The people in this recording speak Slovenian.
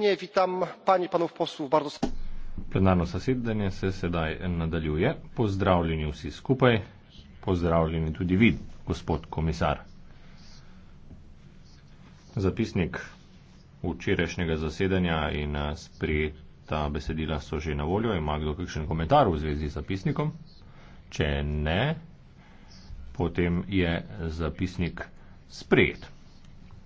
srečanje vitam panje in panov poslov bardzo plenarno zasedanje se sedaj nadaljuje pozdravljeni vsi skupaj pozdravljeni tudi vi gospod komisar zapisnik včerajšnjega zasedanja in eh, sprejeta besedila so že na voljo ima kdo kakšen komentar v zvezi z zapisnikom če ne potem je zapisnik sprejet